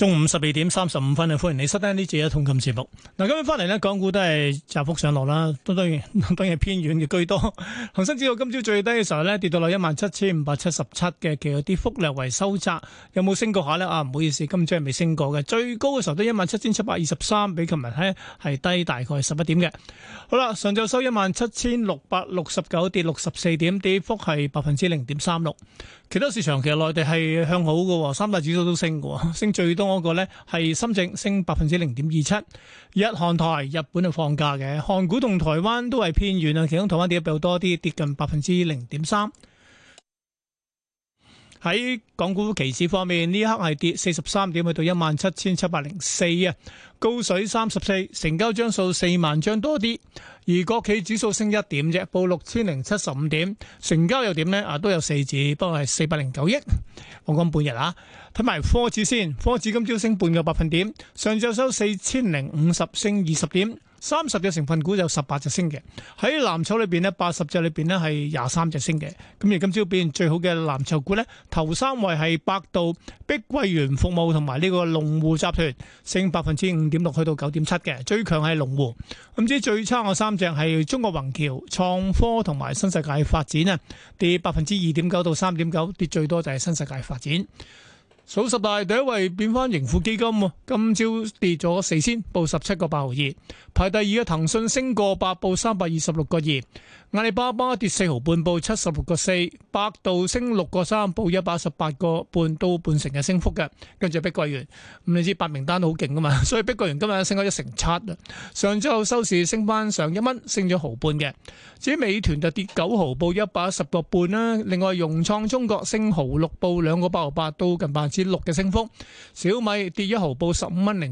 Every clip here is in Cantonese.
中午十二點三十五分啊，歡迎你收聽呢次嘅《通鑑》節目。嗱，今日翻嚟呢，港股都係窄幅上落啦，都當然當然偏軟嘅居多。恒生指數今朝最低嘅時候呢，跌到落一萬七千五百七十七嘅，其實有啲幅略為收窄，有冇升過下呢？啊，唔好意思，今朝係未升過嘅。最高嘅時候都一萬七千七百二十三，比琴日咧係低大概十一點嘅。好啦，上晝收一萬七千六百六十九，跌六十四點，跌幅係百分之零點三六。其他市場其實內地係向好嘅，三大指數都升嘅，升最多。嗰個咧係深圳升百分之零點二七，日韓台，日本係放假嘅，韓股同台灣都係偏軟啊，其中台灣跌得比較多啲，跌近百分之零點三。喺港股期指方面，呢刻係跌四十三點，去到一萬七千七百零四啊，高水三十四，成交張數四萬張多啲。而國企指數升一點啫，報六千零七十五點，成交又點呢？啊，都有四字，不過係四百零九億。我講半日啊，睇埋科指先，科指今朝升半個百分點，上晝收四千零五十，升二十點。三十隻成分股有十八隻升嘅喺藍籌裏邊呢，八十隻裏邊呢係廿三隻升嘅。咁而今朝表現最好嘅藍籌股呢，頭三位係百度、碧桂園服務同埋呢個龍湖集團，升百分之五點六，去到九點七嘅。最強係龍湖。咁至最差嘅三隻係中國宏橋、創科同埋新世界發展呢跌百分之二點九到三點九，跌最多就係新世界發展。數十大第一位變翻盈富基金，今朝跌咗四千，報十七個八毫二。排第二嘅騰訊升過八，報三百二十六個二。阿里巴巴跌四毫半，報七十六個四。百度升六個三，報一百十八個半到半成日升幅嘅。跟住碧桂園，咁、嗯、你知白名單好勁㗎嘛，所以碧桂園今日升咗一成七啦。上晝收市升翻上一蚊，升咗毫半嘅。至於美團就跌九毫，報一百十個半啦。另外融創中國升毫六，報兩個八毫八都近八跌六嘅升幅，小米跌一毫，報十五蚊零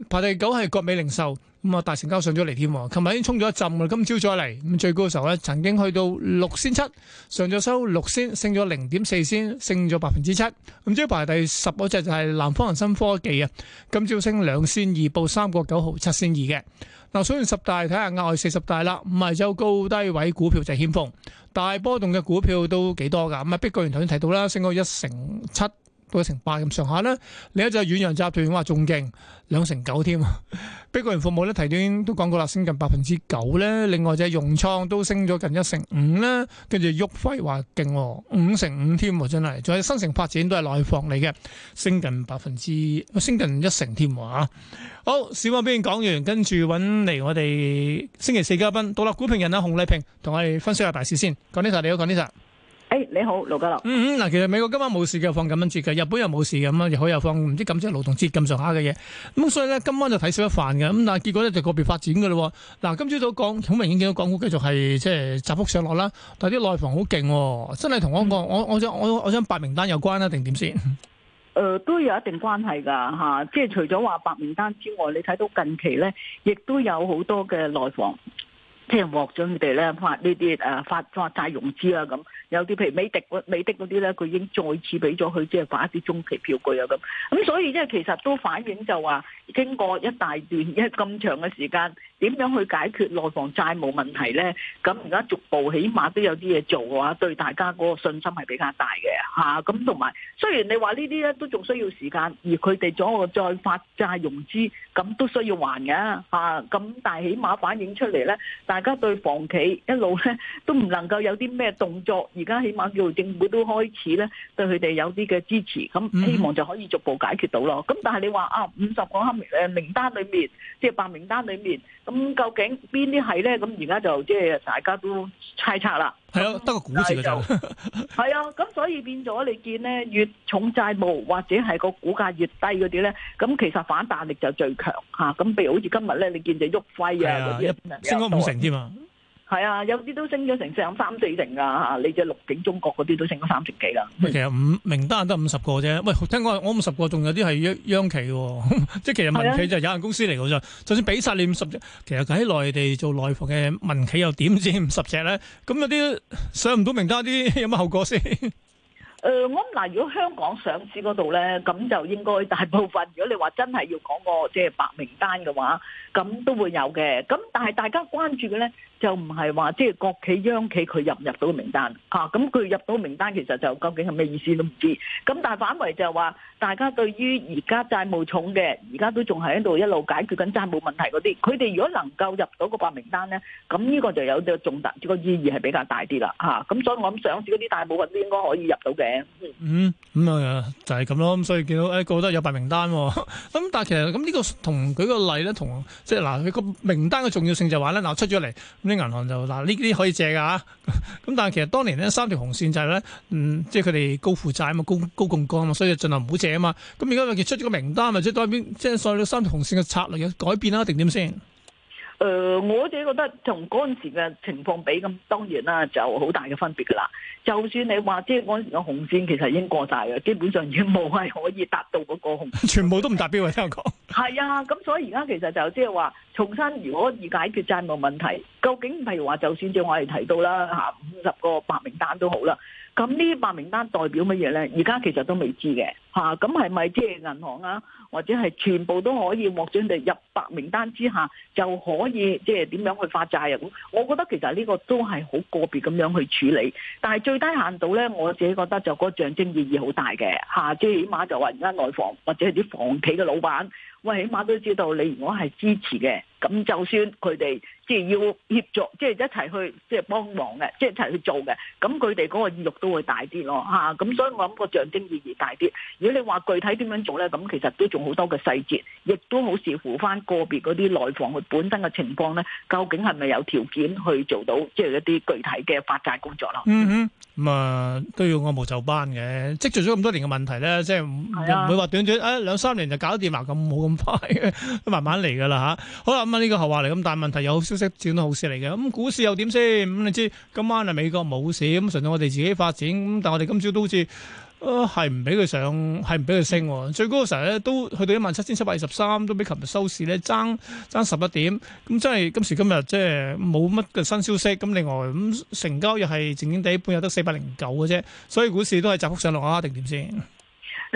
二，排第九係國美零售，咁啊大成交上咗嚟添，琴日已經衝咗一陣，今朝再嚟，咁最高嘅時候咧，曾經去到六仙七，上咗收六仙，升咗零點四仙，升咗百分之七。咁朝排第十嗰隻就係南方恒生科技啊，今朝升兩仙二，報三個九毫七仙二嘅。嗱，講完十大，睇下額外四十大啦，五日周高低位股票就欠奉，大波動嘅股票都幾多噶，咁啊碧桂園頭先提到啦，升到一成七。到一成八咁上下啦，另一隻遠洋集團話仲勁兩成九添，碧桂園服務咧提點都講過啦，升近百分之九咧，另外隻融創都升咗近一成五咧，跟住旭輝話勁五成五添，真係，仲有新城發展都係內房嚟嘅，升近百分之、啊、升近一成添啊！好，小馬邊講完，跟住揾嚟我哋星期四嘉賓到喇，股評人啊，熊麗萍同我哋分析下大市先。講呢集你好，講呢集。誒，hey, 你好，盧家樂。嗯嗯，嗱，其實美國今晚冇事嘅，放感恩節嘅，日本又冇事嘅，咁啊，日本又放唔知感恩節、勞動節咁上下嘅嘢。咁所以咧，今晚就睇少一飯嘅。咁但係結果咧，就個別發展嘅咯。嗱，今朝早講，好明顯見到港股繼續係即係窄幅上落啦。但係啲內房好勁，真係同我講、嗯，我我想我我想白名單有關啦，定點先？誒、呃，都有一定關係噶吓，即係除咗話白名單之外，你睇到近期咧，亦都有好多嘅內房。即係獲准佢哋咧，發呢啲誒，發發債融資啊咁，有啲譬如美的美的嗰啲咧，佢已經再次俾咗佢，即係發一啲中期票據啊咁。咁所以即係其實都反映就話，經過一大段一咁長嘅時間，點樣去解決內房債務問題咧？咁而家逐步起碼都有啲嘢做嘅話、啊，對大家嗰個信心係比較大嘅嚇。咁同埋雖然你話呢啲咧都仲需要時間，而佢哋咗個再發債融資咁都需要還嘅嚇。咁、啊啊、但係起碼反映出嚟咧、啊，但而家對房企一路咧都唔能夠有啲咩動作，而家起碼叫政府都開始咧對佢哋有啲嘅支持，咁希望就可以逐步解決到咯。咁但係你話啊，五十個黑名，名單裏面，即係白名單裏面，咁究竟邊啲係咧？咁而家就即係大家都猜測啦。係咯，得、嗯、個股市嘅就係啊，咁所以變咗你見咧，越重債務或者係個股價越低嗰啲咧，咁其實反彈力就最強吓。咁、啊、譬如好似今日咧，你見隻旭輝啊，啲、嗯，升咗五成添啊！嗯嗯係啊，有啲都升咗成四、五、三四成噶嚇，你隻綠景中國嗰啲都升咗三成幾啦。其實五名單得五十個啫。喂，聽講我五十個仲有啲係央央企喎，即係其實民企就係有限公司嚟噶咋。就算俾曬你五十隻，其實喺內地做內房嘅民企又點先五十隻咧？咁有啲上唔到名單啲有乜後果先？誒，我諗嗱，如果香港上市嗰度咧，咁就應該大部分。如果你話真係要講個即係白名單嘅話，咁都會有嘅。咁但係大家關注嘅咧。就唔係話即係國企、央企佢入唔入到個名單嚇？咁、啊、佢入到名單其實就究竟係咩意思都唔知。咁但係反為就係、是、話，大家對於而家債務重嘅，而家都仲係喺度一路解決緊債務問題嗰啲，佢哋如果能夠入到個白名單咧，咁呢個就有個重大、呢個意義係比較大啲啦嚇。咁、啊、所以我諗上市嗰啲大部分都應該可以入到嘅。嗯，咁啊就係咁咯。咁所以見到誒覺得有白名單喎。咁、 嗯、但係其實咁、這、呢個同舉個例咧，同即係嗱，佢、啊、個名單嘅重要性就話咧嗱出咗嚟。啲銀行就嗱呢啲可以借噶、啊，咁 但係其實當年呢，三條紅線就係、是、咧，嗯，即係佢哋高負債啊嘛，高高槓桿啊嘛，所以盡量唔好借啊嘛。咁而家佢出咗個名單，或者代表即係所有三條紅線嘅策略有改變啦、啊，定點先？誒、呃，我自己覺得同嗰陣時嘅情況比咁，當然啦就好大嘅分別噶啦。就算你話即係嗰陣時嘅紅線其實已經過晒嘅，基本上已經冇係可以達到嗰個紅線， 全部都唔達標啊！聽我講。係啊，咁所以而家其實就即係話重新，如果要解決債務問題，究竟譬如話就算像我哋提到啦嚇五十個白名單都好啦，咁、啊、呢白名單代表乜嘢咧？而家其實都未知嘅嚇，咁係咪即係銀行啊，或者係全部都可以獲准入入白名單之下，就可以即係點樣去發債啊？咁我覺得其實呢個都係好個別咁樣去處理，但係最低限度咧，我自己覺得就嗰個象徵意義好大嘅嚇，即係起碼就話而家內房或者係啲房企嘅老闆。喂，起碼都知道你如果係支持嘅，咁就算佢哋。即係要協助，即係一齊去，即係幫忙嘅，即係一齊去做嘅。咁佢哋嗰個意欲都會大啲咯，嚇。咁所以我諗個象徵意義大啲。如果你話具體點樣做咧，咁其實都仲好多嘅細節，亦都好視乎翻個別嗰啲內房佢本身嘅情況咧，究竟係咪有條件去做到即係一啲具體嘅發債工作咯？嗯哼，咁啊都要按部就班嘅，積聚咗咁多年嘅問題咧，即係唔會話短短誒兩三年就搞掂埋咁，冇咁快嘅，慢慢嚟噶啦嚇。好啦，咁啊呢個後話嚟，咁但係問題有少少。即係轉到好事嚟嘅，咁、嗯、股市又點先？咁、嗯、你知今晚啊，美國冇事，咁純粹我哋自己發展。咁但係我哋今朝都好似係唔俾佢上，係唔俾佢升啊。最高嘅時候咧，都去到一萬七千七百二十三，都比琴日收市咧爭爭十一點。咁、嗯、真係今時今日即係冇乜嘅新消息。咁另外咁、嗯、成交又係靜靜哋，半日得四百零九嘅啫。所以股市都係窄幅上落啊，定點先？誒、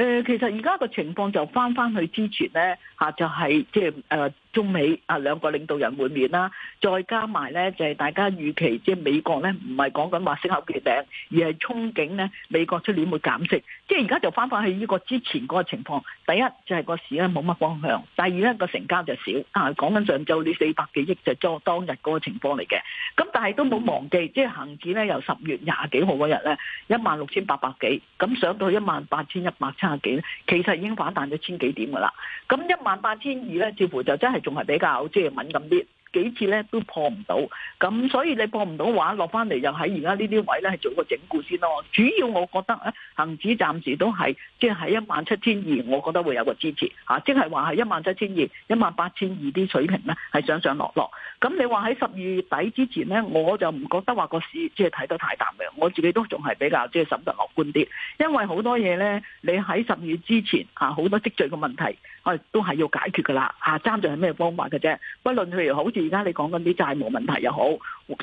呃，其實而家個情況就翻翻去之前咧，吓、啊、就係、是、即係誒。呃中美啊兩個領導人會面啦，再加埋咧就係大家預期，即係美國咧唔係講緊話息口結頂，而係憧憬咧美國出年會減息。即係而家就翻返去呢個之前嗰個情況。第一就係個市咧冇乜方向，第二咧個成交就少啊。講緊上晝呢四百幾億就係當日嗰個情況嚟嘅。咁但係都冇忘記，即係恆指咧由十月廿幾號嗰日咧一萬六千八百幾，咁上到一萬八千一百七廿幾咧，其實已經反彈咗千幾點噶啦。咁一萬八千二咧，似乎就真係。仲係比較即係敏感啲，幾次呢都破唔到，咁所以你破唔到話落翻嚟，就喺而家呢啲位呢，係做個整固先咯。主要我覺得呢，恆指暫時都係即係喺一萬七千二，即係一萬七千二，我覺得會有個支持嚇，即係話係一萬七千二、一萬八千二啲水平呢，係上上落落。咁你話喺十二月底之前咧，我就唔覺得話個市即係睇得太淡嘅，我自己都仲係比較即係審得樂觀啲，因為好多嘢咧，你喺十二月之前啊，好多積聚嘅問題，啊都係要解決噶啦，啊爭在係咩方法嘅啫，不論譬如好似而家你講緊啲債務問題又好，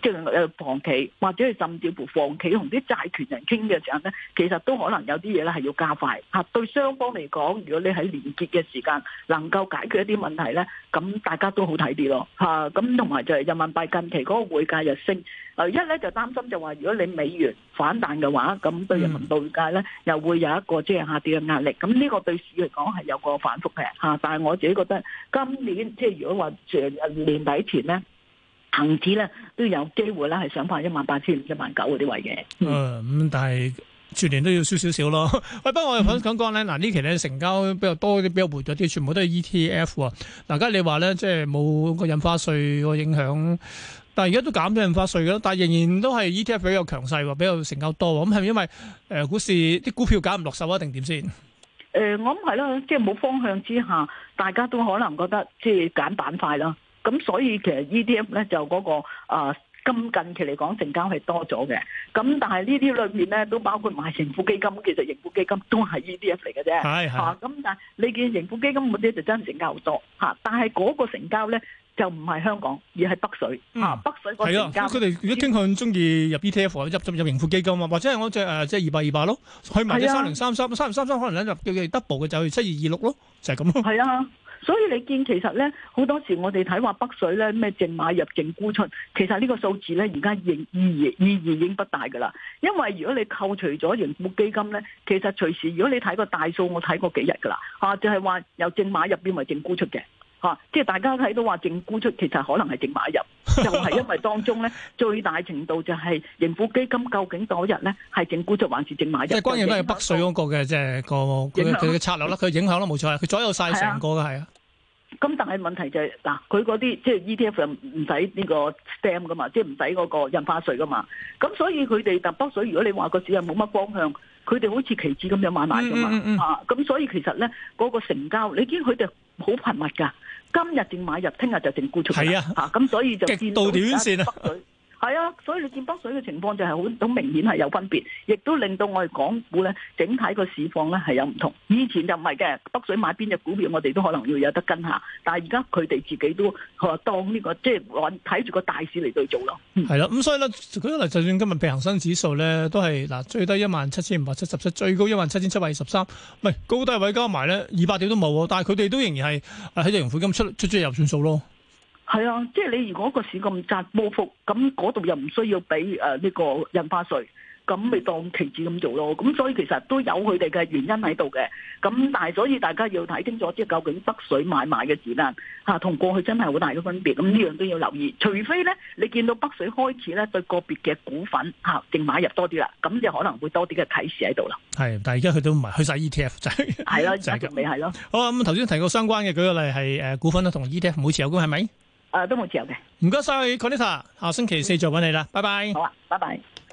即係有房企或者係甚至乎房企同啲債權人傾嘅時候咧，其實都可能有啲嘢咧係要加快嚇、啊，對雙方嚟講，如果你喺連結嘅時間能夠解決一啲問題咧，咁大家都好睇啲咯嚇，咁、啊同埋就係人民幣近期嗰個匯價又升，一咧就擔心就話如果你美元反彈嘅話，咁對人民幣匯價咧又會有一個即係下跌嘅壓力。咁呢個對市嚟講係有個反覆嘅嚇。但係我自己覺得今年即係如果話誒年底前咧，恒指咧都有機會咧，係上翻一萬八千、一萬九嗰啲位嘅。嗯，咁但係。全年都要少少少咯。喂，不過我又想講講咧，嗱呢期咧成交比較多啲，比較活躍啲，全部都係 ETF 啊。嗱，家你話咧，即係冇個印花稅個影響，但係而家都減咗印花稅噶咯，但係仍然都係 ETF 比較強勢，比較成交多。咁係咪因為誒股市啲股票揀唔落手啊？定點先？誒，我諗係啦，即係冇方向之下，大家都可能覺得即係揀板塊啦。咁所以其實 ETF 咧就嗰個誒。咁近期嚟講，成交係多咗嘅。咁但係呢啲裏面咧，都包括唔埋盈富基金。其實盈富基金都係 ETF 嚟嘅啫。係係。咁但係你見盈富基金嗰啲就真係成交好多嚇。但係嗰個成交咧就唔係香港，而係北水嚇。北水嗰啲成交係啊。佢哋如果傾向中意入 ETF，入入盈富基金啊，或者係我只誒即係二百二百咯，去埋隻三零三三、三零三三，可能想就叫佢 double 嘅就去七二二六咯，就係咁咯。係啊。所以你見其實咧，好多時我哋睇話北水咧咩淨買入淨沽出，其實呢個數字咧而家意意意義已經不大嘅啦。因為如果你扣除咗盈富基金咧，其實隨時如果你睇個大數，我睇過幾日噶啦，啊就係話由淨買入邊咪淨沽出嘅。吓、啊！即係大家睇到話淨沽出，其實可能係淨買入， 就係因為當中咧最大程度就係盈富基金究竟嗰日咧係淨沽出還是淨買入？即係關鍵都係北水嗰個嘅，即係個佢嘅策略啦，佢影響啦，冇錯，佢左右晒成個都係、嗯嗯嗯、啊。咁但係問題就係、是、嗱，佢嗰啲即係 ETF 唔使呢個 stamp 噶嘛，即係唔使嗰個印花稅噶嘛。咁所以佢哋但北水如果你話個市又冇乜方向，佢哋好似期指咁樣買賣㗎嘛。咁所以其實咧嗰個成交，你見佢哋好頻密㗎。嗯今日定買入，聽日就定沽出。係啊，吓咁、嗯、所以就極度短線啊。係啊，所以你見北水嘅情況就係好好明顯係有分別，亦都令到我哋港股咧整體個市況咧係有唔同。以前就唔係嘅，北水買邊隻股票我哋都可能要有得跟下，但係而家佢哋自己都話當呢、這個即係睇住個大市嚟，去做咯。係、嗯、啦，咁、啊嗯、所以咧，佢嗱就算今日平恒生指數咧都係嗱最低一萬七千五百七十七，最高一萬七千七百二十三，唔係高低位加埋咧二百點都冇，但係佢哋都仍然係喺度融匯金出出追入算數咯。係啊，即係你如果個市咁窄波幅，咁嗰度又唔需要俾誒呢個印花稅，咁咪當期指咁做咯。咁所以其實都有佢哋嘅原因喺度嘅。咁但係所以大家要睇清楚，即係究竟北水買賣嘅時間嚇，同、啊、過去真係好大嘅分別。咁呢樣都要留意。除非咧，你見到北水開始咧對個別嘅股份嚇淨、啊、買入多啲啦，咁就可能會多啲嘅啟示喺度啦。係，但係而家佢都唔係去晒 E T F 就係、是，係咯的，就是未係咯。好啊，咁頭先提到相關嘅舉個例係誒股份啦，同 E T F 每次有關係咪？是誒，都冇自由嘅。唔該晒，Carlyta，下星期四再揾你啦，拜拜。好啊，拜拜。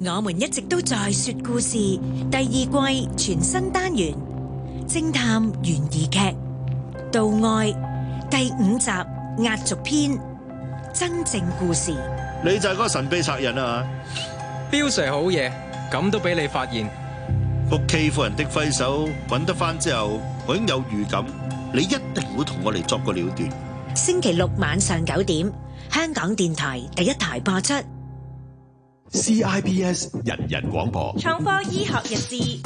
我們一直都在說故事第二季全新單元《偵探懸疑劇道愛》第五集壓軸篇真正故事，你就係嗰個神秘殺人啊！彪 Sir 好嘢，咁都俾你發現，屋企婦人的揮手，揾得翻之後，我已經有預感，你一定會同我哋作個了斷。星期六晚上九點，香港電台第一台播出。CIBS 人人廣播，創科醫學日誌，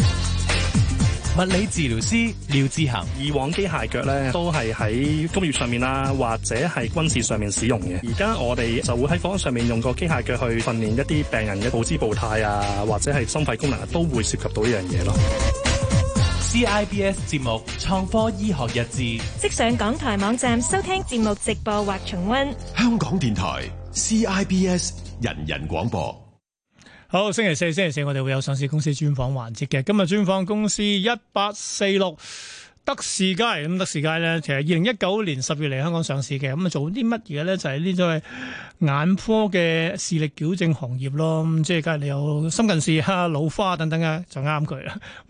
物理治療師廖志恒，以往機械腳咧都係喺工業上面啊，或者係軍事上面使用嘅。而家我哋就會喺房上面用個機械腳去訓練一啲病人嘅步姿步態啊，或者係心肺功能啊，都會涉及到呢樣嘢咯。CIBS 節目，創科醫學日誌，即上港台網站收聽節目直播或重溫。香港電台 CIBS 人人廣播。好，星期四，星期四我哋會有上市公司專訪環節嘅。今日專訪公司一八四六德視佳，咁德視佳咧，其實二零一九年十月嚟香港上市嘅。咁、嗯、啊做啲乜嘢咧？就係呢種眼科嘅視力矯正行業咯。咁、嗯、即係梗係你有深近視啊、老花等等啊，就啱佢啦。嗯